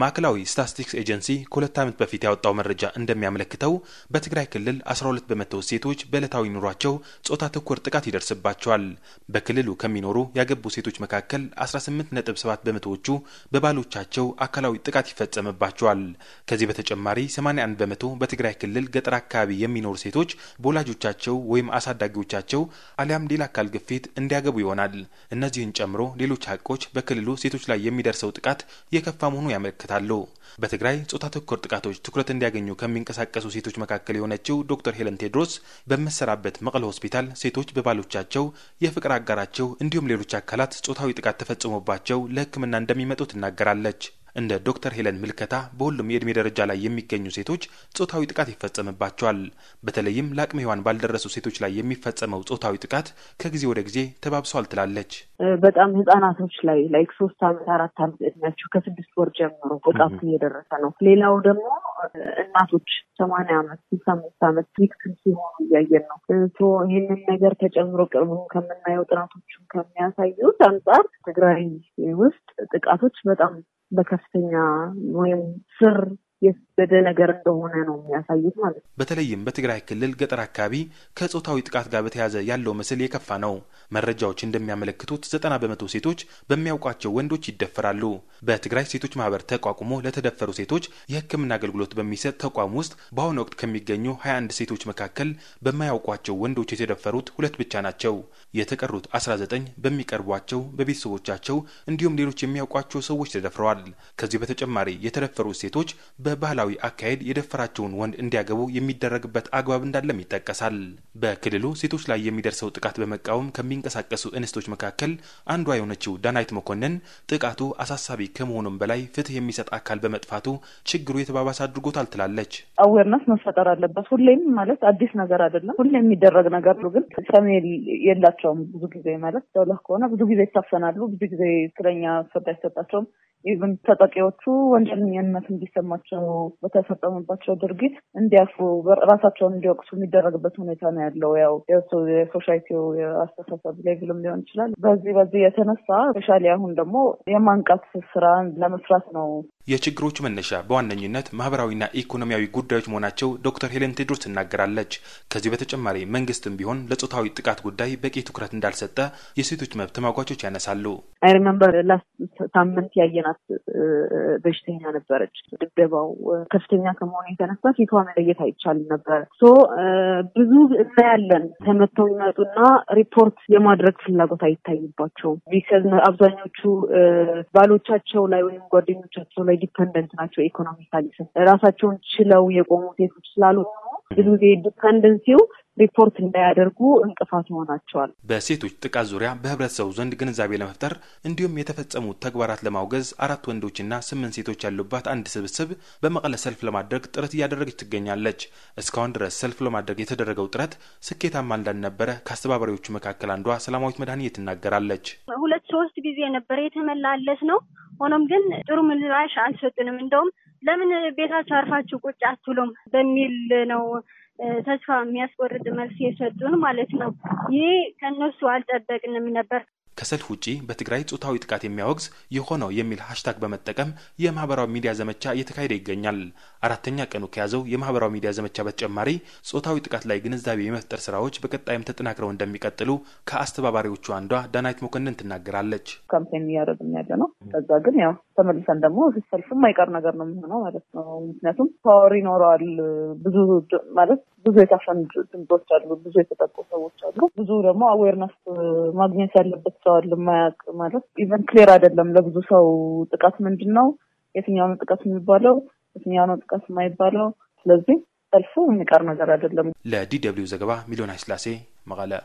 ማዕከላዊ ስታትስቲክስ ኤጀንሲ ከሁለት ዓመት በፊት ያወጣው መረጃ እንደሚያመለክተው በትግራይ ክልል 12 በመቶ ሴቶች በዕለታዊ ኑሯቸው ጾታ ተኮር ጥቃት ይደርስባቸዋል። በክልሉ ከሚኖሩ ያገቡ ሴቶች መካከል 18.7 በመቶዎቹ በባሎቻቸው አካላዊ ጥቃት ይፈጸምባቸዋል። ከዚህ በተጨማሪ 81 በመቶ በትግራይ ክልል ገጠር አካባቢ የሚኖሩ ሴቶች በወላጆቻቸው ወይም አሳዳጊዎቻቸው አሊያም ሌላ አካል ግፊት እንዲያገቡ ይሆናል። እነዚህን ጨምሮ ሌሎች ሀቆች በክልሉ ሴቶች ላይ የሚደርሰው ጥቃት የከፋ መሆኑ ያመለክታል። ያመለክታሉ። በትግራይ ጾታ ተኮር ጥቃቶች ትኩረት እንዲያገኙ ከሚንቀሳቀሱ ሴቶች መካከል የሆነችው ዶክተር ሄለን ቴድሮስ በመሰራበት መቀለ ሆስፒታል ሴቶች በባሎቻቸው፣ የፍቅር አጋራቸው እንዲሁም ሌሎች አካላት ጾታዊ ጥቃት ተፈጽሞባቸው ለሕክምና እንደሚመጡ ትናገራለች። እንደ ዶክተር ሄለን ምልከታ በሁሉም የእድሜ ደረጃ ላይ የሚገኙ ሴቶች ጾታዊ ጥቃት ይፈጸምባቸዋል። በተለይም ለአቅመ ሔዋን ባልደረሱ ሴቶች ላይ የሚፈጸመው ጾታዊ ጥቃት ከጊዜ ወደ ጊዜ ተባብሰዋል ትላለች። በጣም ህጻናቶች ላይ ላይክ ሶስት አመት አራት አመት እድሜያቸው ከስድስት ወር ጀምሮ ጥቃቱ እየደረሰ ነው። ሌላው ደግሞ እናቶች ሰማንያ አመት ስልሳ አምስት አመት ቪክቲም ሲሆኑ እያየን ነው። ይህንን ነገር ተጨምሮ ቅርቡ ከምናየው ጥናቶቹን ከሚያሳዩት አንጻር ትግራይ ውስጥ ጥቃቶች በጣም በከፍተኛ ወይም ስር የወሰደ ነገር እንደሆነ ነው የሚያሳዩት ማለት ነው። በተለይም በትግራይ ክልል ገጠር አካባቢ ከጾታዊ ጥቃት ጋር በተያያዘ ያለው ምስል የከፋ ነው። መረጃዎች እንደሚያመለክቱት ዘጠና በመቶ ሴቶች በሚያውቋቸው ወንዶች ይደፈራሉ። በትግራይ ሴቶች ማህበር ተቋቁሞ ለተደፈሩ ሴቶች የሕክምና አገልግሎት በሚሰጥ ተቋም ውስጥ በአሁኑ ወቅት ከሚገኙ 21 ሴቶች መካከል በማያውቋቸው ወንዶች የተደፈሩት ሁለት ብቻ ናቸው። የተቀሩት 19 በሚቀርቧቸው በቤተሰቦቻቸው እንዲሁም ሌሎች የሚያውቋቸው ሰዎች ተደፍረዋል። ከዚህ በተጨማሪ የተደፈሩት ሴቶች በባህላዊ አካሄድ የደፈራቸውን ወንድ እንዲያገቡ የሚደረግበት አግባብ እንዳለም ይጠቀሳል። በክልሉ ሴቶች ላይ የሚደርሰው ጥቃት በመቃወም ከሚንቀሳቀሱ እንስቶች መካከል አንዷ የሆነችው ዳናይት መኮንን ጥቃቱ አሳሳቢ ከመሆኑም በላይ ፍትህ የሚሰጥ አካል በመጥፋቱ ችግሩ የተባባሰ አድርጎታል ትላለች። አዌርነስ መፈጠር አለበት። ሁሌም ማለት አዲስ ነገር አይደለም። ሁሌም የሚደረግ ነገር ነው። ግን ሰሜ የላቸውም ብዙ ጊዜ ማለት ደውላ ከሆነ ብዙ ጊዜ ይታፈናሉ። ብዙ ጊዜ ትክክለኛ ፍርድ አይሰጣቸውም። ኢቨን ተጠቂዎቹ ወንጀለኛነት እንዲሰማቸው በተፈጸመባቸው ድርጊት እንዲያፉ ራሳቸውን እንዲወቅሱ የሚደረግበት ሁኔታ ነው ያለው። ያው የሶሻይቲው የአስተሳሰብ ሌቭልም ሊሆን ይችላል። በዚህ በዚህ የተነሳ ስፔሻሊ አሁን ደግሞ የማንቃት ስራ ለመስራት ነው የችግሮቹ መነሻ በዋነኝነት ማህበራዊና ኢኮኖሚያዊ ጉዳዮች መሆናቸው ዶክተር ሄለን ቴድሮስ ትናገራለች። ከዚህ በተጨማሪ መንግስትም ቢሆን ለጾታዊ ጥቃት ጉዳይ በቂ ትኩረት እንዳልሰጠ የሴቶች መብት ተሟጋቾች ያነሳሉ። አይ ሪመምበር ላስት ሳምንት ያየናት በሽተኛ ነበረች። ድብደባው ከፍተኛ ከመሆኑ የተነሳ ፊቷ መለየት አይቻልም ነበር። ሶ ብዙ እናያለን። ተመተው ይመጡና ሪፖርት የማድረግ ፍላጎት አይታይባቸውም። ቢከዝ አብዛኞቹ ባሎቻቸው ላይ ወይም ጓደኞቻቸው ላይ ዲፐንደንት ናቸው ኢኮኖሚካሊ ራሳቸውን ችለው የቆሙ ሴቶች ስላሉ ብዙ ጊዜ ዲፐንደንሲው ሪፖርት እንዳያደርጉ እንቅፋት ይሆናቸዋል። በሴቶች ጥቃት ዙሪያ በህብረተሰቡ ዘንድ ግንዛቤ ለመፍጠር እንዲሁም የተፈጸሙ ተግባራት ለማውገዝ አራት ወንዶችና ስምንት ሴቶች ያሉባት አንድ ስብስብ በመቀለ ሰልፍ ለማድረግ ጥረት እያደረገች ትገኛለች። እስካሁን ድረስ ሰልፍ ለማድረግ የተደረገው ጥረት ስኬታማ እንዳልነበረ ከአስተባባሪዎቹ መካከል አንዷ ሰላማዊት መድኃኒ ትናገራለች። ሁለት ሶስት ጊዜ ነበረ የተመላለስ ነው ሆኖም ግን ጥሩ ምላሽ አልሰጡንም። እንደውም ለምን ቤታችሁ አርፋችሁ ቁጭ አትሉም በሚል ነው ተስፋ የሚያስቆርጥ መልስ የሰጡን ማለት ነው። ይህ ከነሱ አልጠበቅንም ነበር። ከሰልፍ ውጪ በትግራይ ጾታዊ ጥቃት የሚያወግዝ የሆነው የሚል ሀሽታግ በመጠቀም የማህበራዊ ሚዲያ ዘመቻ እየተካሄደ ይገኛል። አራተኛ ቀኑ ከያዘው የማህበራዊ ሚዲያ ዘመቻ በተጨማሪ ጾታዊ ጥቃት ላይ ግንዛቤ የመፍጠር ስራዎች በቀጣይም ተጠናክረው እንደሚቀጥሉ ከአስተባባሪዎቹ አንዷ ዳናይት መኮንን ትናገራለች። ካምፔን እያደረግን ያለ ነው። ከዛ ግን ያው ተመልሰን ደግሞ ሲሰልፍ የማይቀር ነገር ነው የሚሆነው ማለት ነው። ምክንያቱም ፓወር ይኖረዋል። ብዙ ማለት ብዙ የታፈን ድምፆች አሉ፣ ብዙ የተጠቁ ሰዎች አሉ፣ ብዙ ደግሞ አዌርነስ ማግኘት ያለበት ሰው አለ። የማያውቅ ማለት ኢቨን ክሌር አይደለም ለብዙ ሰው ጥቃት ምንድን ነው፣ የትኛው ነው ጥቃት የሚባለው፣ የትኛው ነው ጥቃት የማይባለው። ስለዚህ ሰልፉ የሚቀር ነገር አይደለም። ለዲ ደብልዩ ዘገባ ሚሊዮን ኃይለሥላሴ መቀለ